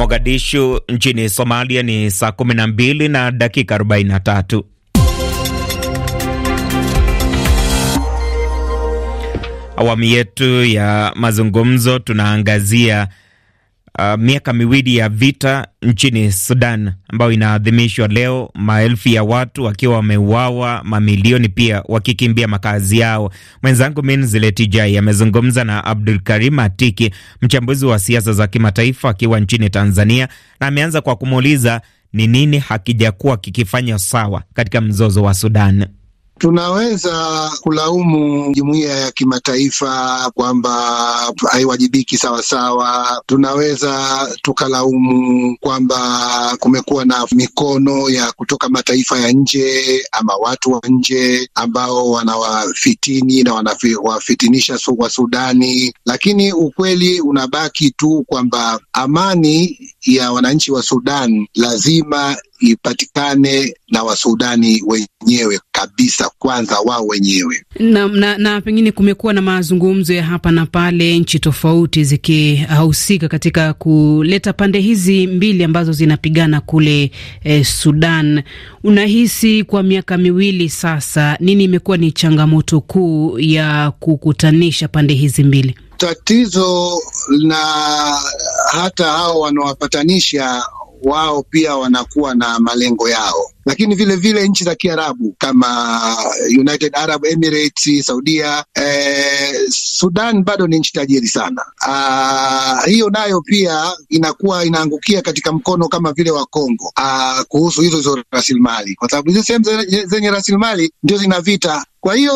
Mogadishu nchini Somalia ni saa 12 na dakika 43. Awamu yetu ya mazungumzo tunaangazia uh, miaka miwili ya vita nchini Sudan ambayo inaadhimishwa leo, maelfu ya watu wakiwa wameuawa, mamilioni pia wakikimbia makazi yao. Mwenzangu Minziletijai amezungumza na Abdul Karim Atiki, mchambuzi wa siasa za kimataifa akiwa nchini Tanzania, na ameanza kwa kumuuliza ni nini hakijakuwa kikifanywa sawa katika mzozo wa Sudan. Tunaweza kulaumu jumuiya ya kimataifa kwamba haiwajibiki sawasawa. Tunaweza tukalaumu kwamba kumekuwa na mikono ya kutoka mataifa ya nje ama watu wa nje ambao wanawafitini na wanawafitinisha wa sudani lakini ukweli unabaki tu kwamba amani ya wananchi wa Sudan lazima ipatikane na Wasudani wenyewe kabisa, kwanza wao wenyewe na, na, na pengine kumekuwa na mazungumzo ya hapa na pale, nchi tofauti zikihusika katika kuleta pande hizi mbili ambazo zinapigana kule eh, Sudan. Unahisi kwa miaka miwili sasa, nini imekuwa ni changamoto kuu ya kukutanisha pande hizi mbili? tatizo na hata hao wanawapatanisha wao pia wanakuwa na malengo yao, lakini vile vile nchi za Kiarabu kama United Arab Emirates, Saudia, eh, Sudan bado ni nchi tajiri sana. Aa, ah, hiyo nayo pia inakuwa inaangukia katika mkono kama vile wa Kongo ah, kuhusu hizo hizo rasilimali, kwa sababu hizo sehemu zenye rasilimali ndio zina vita kwa hiyo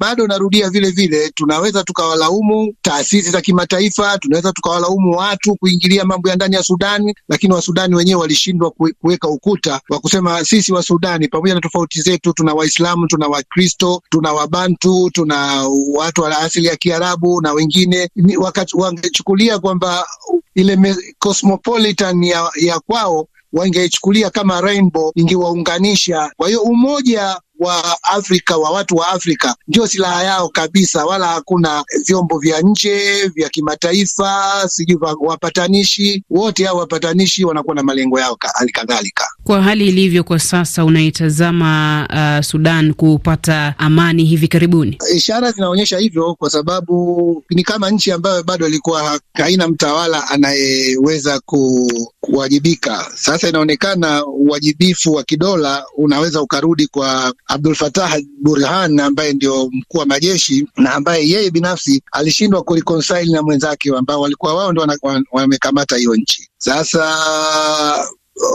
bado narudia vile vile, tunaweza tukawalaumu taasisi za kimataifa, tunaweza tukawalaumu watu kuingilia mambo ya ndani ya Sudani, lakini Wasudani wenyewe walishindwa kuweka ukuta wa kusema sisi Wasudani pamoja na tofauti zetu, tuna Waislamu, tuna Wakristo, tuna Wabantu, tuna watu wa asili ya Kiarabu na wengine, wangechukulia kwamba ile cosmopolitan ya, ya kwao wangeichukulia kama rainbow ingewaunganisha. Kwa hiyo umoja wa Afrika wa watu wa Afrika ndio silaha yao kabisa, wala hakuna vyombo vya nje vya kimataifa, sijui wapatanishi. Wote hao wapatanishi wanakuwa na malengo yao hali kadhalika. Kwa hali ilivyo kwa sasa, unaitazama uh, Sudan kupata amani hivi karibuni? Ishara zinaonyesha hivyo, kwa sababu ni kama nchi ambayo bado ilikuwa haina mtawala anayeweza ku, kuwajibika. Sasa inaonekana uwajibifu wa kidola unaweza ukarudi kwa Abdul fatah Burhan ambaye ndio mkuu wa majeshi na ambaye yeye binafsi alishindwa kureconcile na mwenzake ambao walikuwa wao ndio wamekamata hiyo nchi. Sasa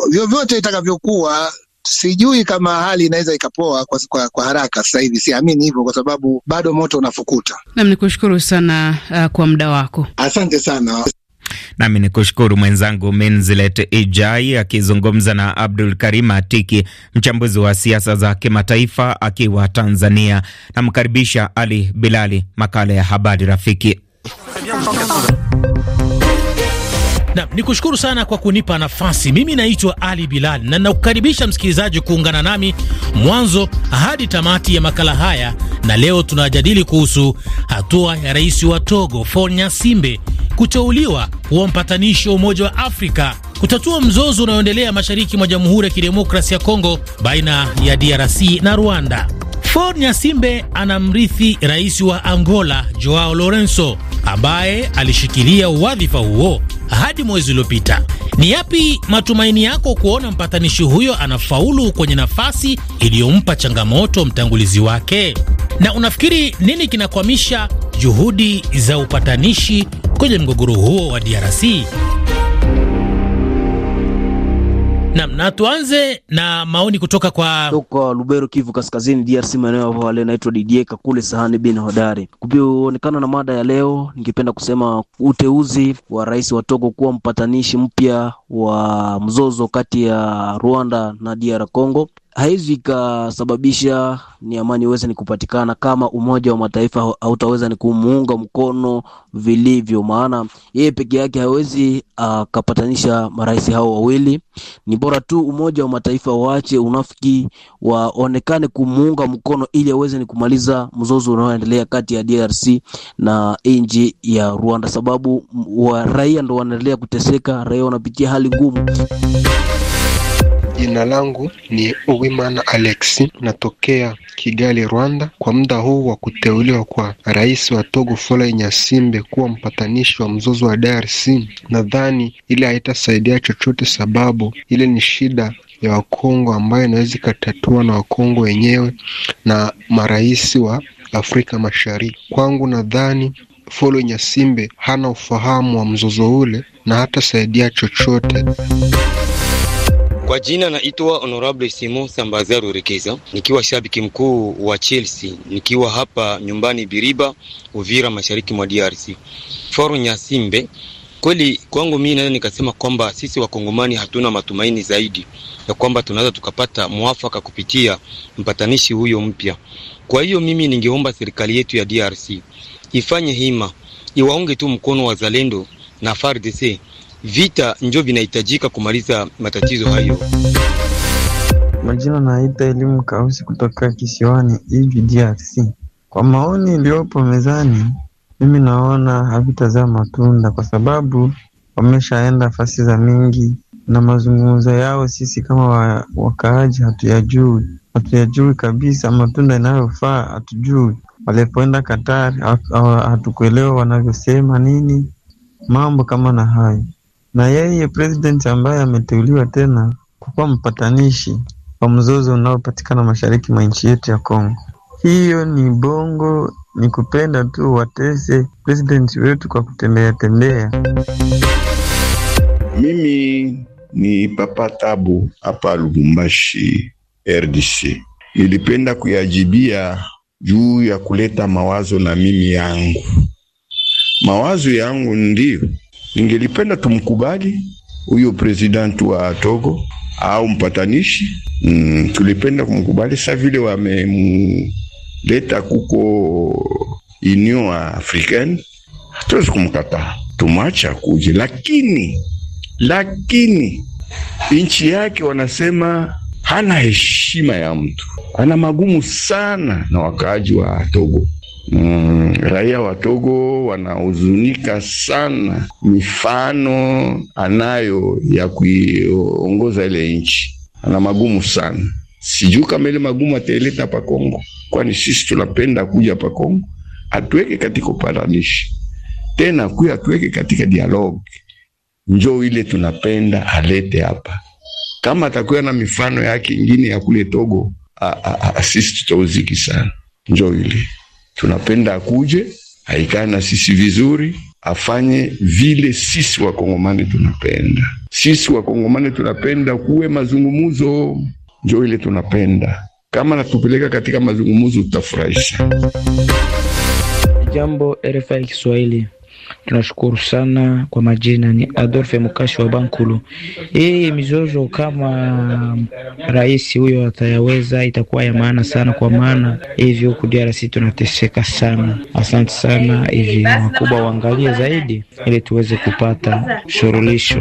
vyovyote itakavyokuwa sijui kama hali inaweza ikapoa kwa, kwa, kwa haraka sasa hivi. Siamini hivyo kwa sababu bado moto unafukuta. Nam, ni kushukuru sana uh, kwa muda wako, asante sana. Nami ni kushukuru mwenzangu Minzilet Ijai akizungumza na Abdul Karim Atiki, mchambuzi wa siasa za kimataifa akiwa Tanzania. Namkaribisha Ali Bilali, makala ya habari rafiki. Na, ni kushukuru sana kwa kunipa nafasi. Mimi naitwa Ali Bilal na nakukaribisha msikilizaji kuungana nami mwanzo hadi tamati ya makala haya, na leo tunajadili kuhusu hatua ya rais wa Togo Faure Gnassingbe kuteuliwa kuwa mpatanishi wa Umoja wa Afrika kutatua mzozo unaoendelea mashariki mwa Jamhuri ya kidemokrasi ya Kongo baina ya DRC na Rwanda. Faure Nyasimbe anamrithi rais wa Angola Joao Lorenzo ambaye alishikilia wadhifa huo hadi mwezi uliopita. Ni yapi matumaini yako kuona mpatanishi huyo anafaulu kwenye nafasi iliyompa changamoto mtangulizi wake? Na unafikiri nini kinakwamisha juhudi za upatanishi kwenye mgogoro huo wa DRC. Nam, na tuanze na maoni kutoka kwa toka Lubero, Kivu Kaskazini, DRC, maeneo hapo wale naitwa Didier Kakule Sahani bin Hodari. Kupionekana na mada ya leo, ningependa kusema uteuzi wa rais wa Togo kuwa mpatanishi mpya wa mzozo kati ya Rwanda na DR Congo haizi ikasababisha ni amani iweze ni kupatikana kama Umoja wa Mataifa hautaweza ni kumuunga mkono vilivyo, maana yeye peke yake hawezi ah, akapatanisha marais hao wawili. Ni bora tu Umoja wa Mataifa waache unafiki, waonekane kumuunga mkono ili aweze ni kumaliza mzozo unaoendelea kati ya DRC na nchi ya Rwanda, sababu wa raia ndo wanaendelea kuteseka, raia wanapitia hali ngumu. Jina langu ni Uwimana Alexi, natokea Kigali, Rwanda. Kwa muda huu wa kuteuliwa kwa rais wa Togo Fola Nyasimbe kuwa mpatanishi wa mzozo wa DRC, nadhani ile haitasaidia chochote, sababu ile ni shida ya Wakongo ambayo inaweza ikatatua na Wakongo wenyewe na marais wa Afrika Mashariki. Kwangu nadhani Folo Nyasimbe hana ufahamu wa mzozo ule na hatasaidia chochote. Kwa jina naitwa Honorable Simon Sambazaru Rekeza, nikiwa shabiki mkuu wa Chelsea, nikiwa hapa nyumbani Biriba, Uvira, mashariki mwa DRC. Foru Nyasimbe, kweli kwangu mimi naweza nikasema kwamba sisi wakongomani hatuna matumaini zaidi ya kwamba tunaweza tukapata mwafaka kupitia mpatanishi huyo mpya. Kwa hiyo mimi ningeomba serikali yetu ya DRC ifanye hima, iwaunge tu mkono wazalendo na FARDC vita njo vinahitajika kumaliza matatizo hayo. Majina naita Elimu Kausi kutoka kisiwani hivi DRC. Kwa maoni iliyopo mezani, mimi naona havitazaa matunda kwa sababu wameshaenda fasi za mingi na mazungumzo yao, sisi kama wa, wakaaji hatuyajui, hatuyajui kabisa. Matunda inayofaa hatujui. Walipoenda Katari hatukuelewa wanavyosema nini, mambo kama na hayo na yeye president ambaye ameteuliwa tena kukuwa mpatanishi wa mzozo unaopatikana mashariki mwa nchi yetu ya Kongo. Hiyo ni bongo, ni kupenda tu watese president wetu kwa kutembea tembea. Mimi ni Papa Tabu hapa Lubumbashi RDC. Nilipenda kuyajibia juu ya kuleta mawazo na mimi yangu, mawazo yangu ndio Ningelipenda tumkubali huyo president wa Togo au mpatanishi mm, tulipenda kumkubali sa vile wamemleta kuko Union Africaine, hatuwezi kumkataa, tumacha kuja, lakini lakini nchi yake wanasema hana heshima ya mtu, ana magumu sana na wakaaji wa Togo. Mm, raia wa Togo wanahuzunika sana mifano anayo ya kuiongoza ile nchi, ana magumu sana. Sijuu kama ile magumu ataileta pa Kongo, kwani sisi tunapenda kuja pa Kongo, atuweke katika uparanishi tena kuya atuweke katika dialogue, njo ile tunapenda alete hapa. Kama atakuwa na mifano yake ingine ya kule Togo, sisi tutauziki sana, njoo ile tunapenda akuje aikae na sisi vizuri, afanye vile sisi wakongomani tunapenda. Sisi wakongomani tunapenda kuwe mazungumuzo, njo ile tunapenda. Kama natupeleka katika mazungumuzo, tutafurahisha. Jambo RFI Kiswahili. Tunashukuru sana. Kwa majina ni adolfe Mukashi wa Bankulu. Hii mizozo kama rais huyo atayaweza, itakuwa ya maana sana, kwa maana hivyo huku DRC tunateseka sana. Asante sana, hivi wakubwa waangalie zaidi ili tuweze kupata shurulisho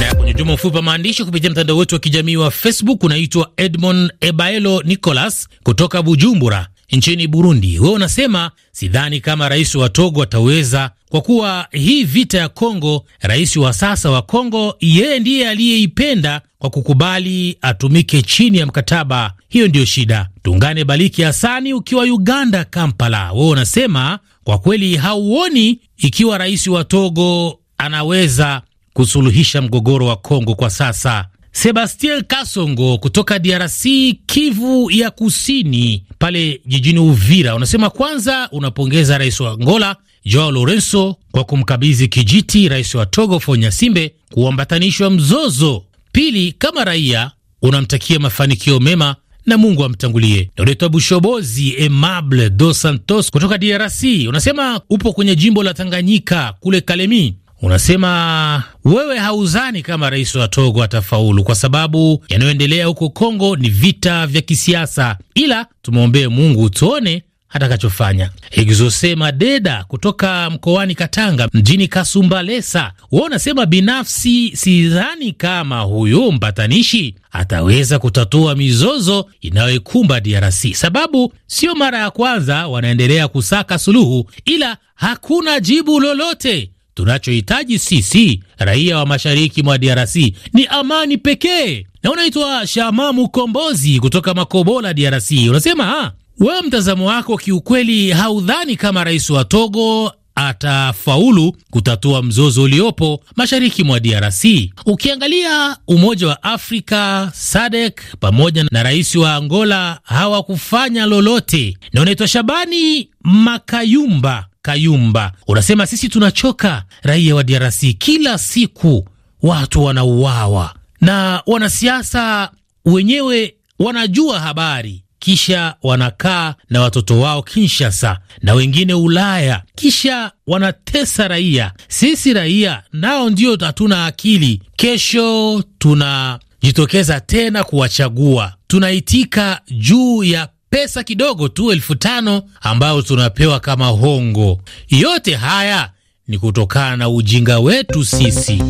na kwenye juma mfupi wa maandishi kupitia mtandao wetu wa kijamii wa Facebook unaitwa Edmond Ebaelo Nicolas kutoka Bujumbura nchini Burundi. Wewe unasema sidhani kama rais wa Togo ataweza, kwa kuwa hii vita ya Kongo, rais wa sasa wa Kongo yeye ndiye aliyeipenda kwa kukubali atumike chini ya mkataba. Hiyo ndiyo shida. Tungane Baliki Hasani ukiwa Uganda, Kampala, wewe unasema kwa kweli hauoni ikiwa rais wa Togo anaweza kusuluhisha mgogoro wa Kongo kwa sasa. Sebastien Kasongo kutoka DRC, Kivu ya Kusini, pale jijini Uvira, unasema kwanza unapongeza rais wa Angola Joao Lorenzo kwa kumkabidhi kijiti rais wa Togo Fonya Simbe kuambatanishwa mzozo. Pili, kama raia unamtakia mafanikio mema na Mungu amtangulie. Doretwa Bushobozi Emable Dos Santos kutoka DRC unasema upo kwenye jimbo la Tanganyika kule Kalemi, unasema wewe hauzani kama rais wa Togo atafaulu, kwa sababu yanayoendelea huko Kongo ni vita vya kisiasa, ila tumwombee Mungu tuone atakachofanya. ikizosema Deda kutoka mkoani Katanga mjini Kasumbalesa, wao unasema binafsi sidhani kama huyu mpatanishi ataweza kutatua mizozo inayoikumba DRC, sababu sio mara ya kwanza wanaendelea kusaka suluhu, ila hakuna jibu lolote. Tunachohitaji sisi raia wa mashariki mwa DRC ni amani pekee. Na unaitwa Shamamu Kombozi kutoka Makobola, DRC, unasema ha? Ah, Wewe mtazamo wako kiukweli, haudhani kama rais wa Togo atafaulu kutatua mzozo uliopo mashariki mwa DRC. Ukiangalia Umoja wa Afrika, SADC pamoja na rais wa Angola hawakufanya lolote. Na unaitwa Shabani Makayumba Kayumba. Unasema sisi tunachoka, raia wa DRC, kila siku watu wanauawa na wanasiasa wenyewe wanajua habari kisha wanakaa na watoto wao Kinshasa na wengine Ulaya, kisha wanatesa raia. Sisi raia nao ndio hatuna akili. Kesho tunajitokeza tena kuwachagua, tunaitika juu ya pesa kidogo tu elfu tano ambayo tunapewa kama hongo. Yote haya ni kutokana na ujinga wetu sisi.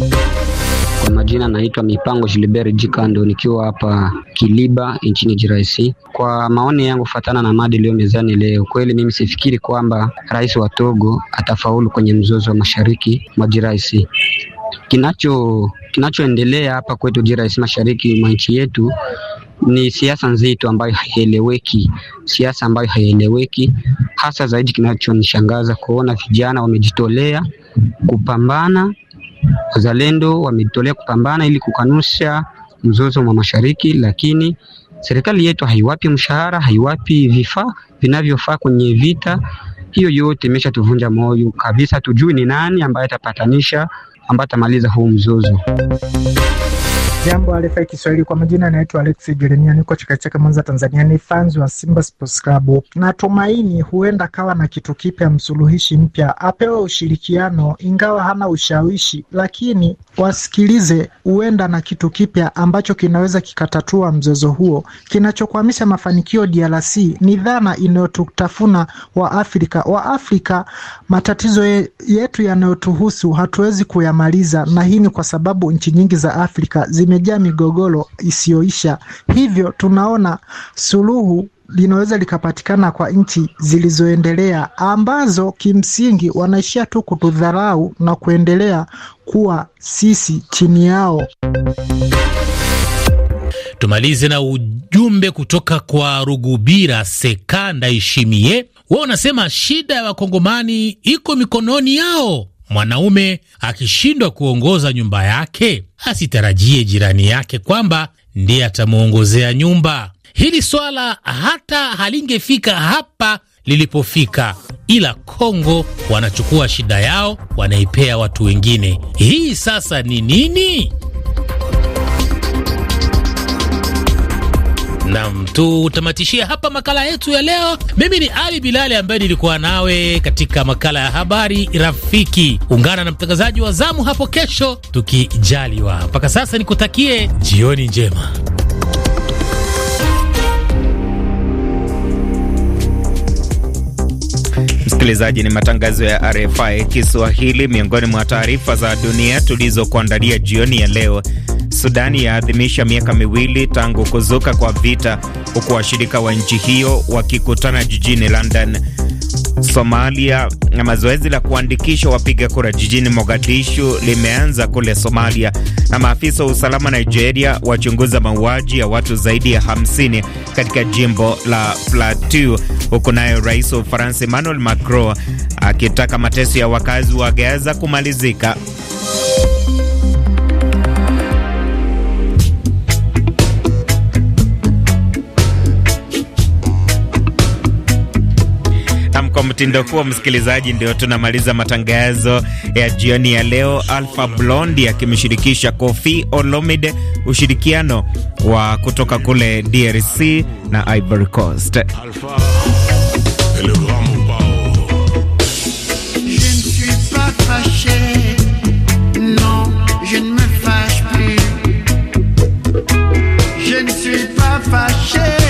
Kwa majina naitwa Mipango Gilbert Jikando, nikiwa hapa Kiliba nchini DRC. Kwa maoni yangu, fatana na mada iliyo mezani leo, kweli mimi sifikiri kwamba rais wa Togo atafaulu kwenye mzozo wa mashariki mwa DRC. Kinacho kinachoendelea hapa kwetu DRC, mashariki mwa nchi yetu ni siasa nzito ambayo haieleweki, siasa ambayo haieleweki. Hasa zaidi kinachonishangaza kuona vijana wamejitolea kupambana, wazalendo wamejitolea kupambana ili kukanusha mzozo wa mashariki, lakini serikali yetu haiwapi mshahara, haiwapi vifaa vinavyofaa kwenye vita hiyo. Yote imeshatuvunja moyo kabisa, tujui ni nani ambaye atapatanisha, ambaye atamaliza huu mzozo. Jambo RFI Kiswahili, kwa majina anaitwa Alex Jeremia, niko Chakechake, Mwanza, Tanzania. Ni fans wa Simba Sports Club. Natumaini huenda kawa na kitu kipya, msuluhishi mpya apewe ushirikiano, ingawa hana ushawishi, lakini wasikilize, huenda na kitu kipya ambacho kinaweza kikatatua mzozo huo. Kinachokwamisha mafanikio DRC ni dhana inayotutafuna wa Afrika wa Afrika. Matatizo yetu yanayotuhusu hatuwezi kuyamaliza, na hii ni kwa sababu nchi nyingi za Afrika zime imejaa migogoro isiyoisha. Hivyo tunaona suluhu linaweza likapatikana kwa nchi zilizoendelea ambazo kimsingi wanaishia tu kutudharau na kuendelea kuwa sisi chini yao. Tumalize na ujumbe kutoka kwa Rugubira Sekanda Ishimie, wao wanasema shida ya wa wakongomani iko mikononi yao. Mwanaume akishindwa kuongoza nyumba yake, asitarajie jirani yake kwamba ndiye atamwongozea nyumba. Hili swala hata halingefika hapa lilipofika, ila Kongo wanachukua shida yao wanaipea watu wengine. Hii sasa ni nini? Nam, tutamatishia hapa makala yetu ya leo. Mimi ni Ali Bilali ambaye nilikuwa nawe katika makala ya habari rafiki. Ungana na mtangazaji wa zamu hapo kesho, tukijaliwa. Mpaka sasa nikutakie jioni njema. Msikilizaji, ni matangazo ya RFI Kiswahili. Miongoni mwa taarifa za dunia tulizokuandalia jioni ya leo Sudani yaadhimisha miaka miwili tangu kuzuka kwa vita, huku washirika wa nchi hiyo wakikutana jijini London. Somalia na mazoezi la kuandikisha wapiga kura jijini Mogadishu limeanza kule Somalia, na maafisa wa usalama Nigeria wachunguza mauaji ya watu zaidi ya 50 katika jimbo la Plateau, huku nayo rais wa Ufaransa Emmanuel Macron akitaka mateso ya wakazi wa Gaza kumalizika. kwa mtindo huo, msikilizaji, ndio tunamaliza matangazo ya jioni ya leo. Alpha blondi akimshirikisha Koffi Olomide, ushirikiano wa kutoka kule DRC na Ivory Coast. Fashion.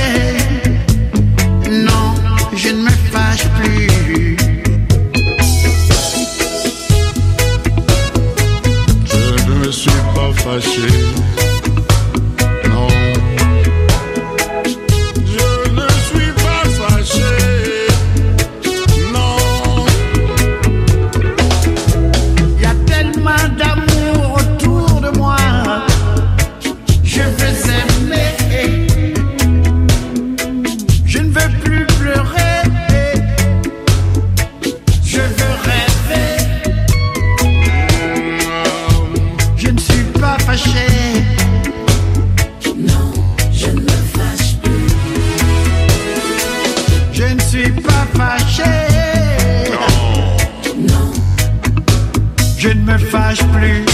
lâche plus.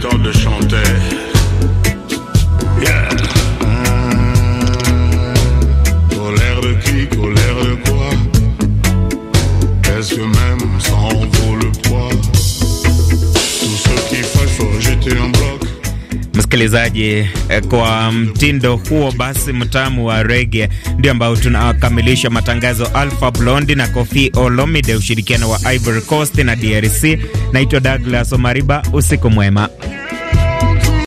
temps de chanter. Yeah. Hmm. Colère de qui, colère de quoi Est-ce que même ça en vaut le poids Tout ce faut rejeter bloc. Msikilizaji, eh, kwa mtindo huo basi mtamu wa rege ndio ambao tunakamilisha matangazo Alpha Blondi na Kofi Olomide, ushirikiano wa Ivory Coast na DRC. Naitwa Douglas Omariba, usiku mwema.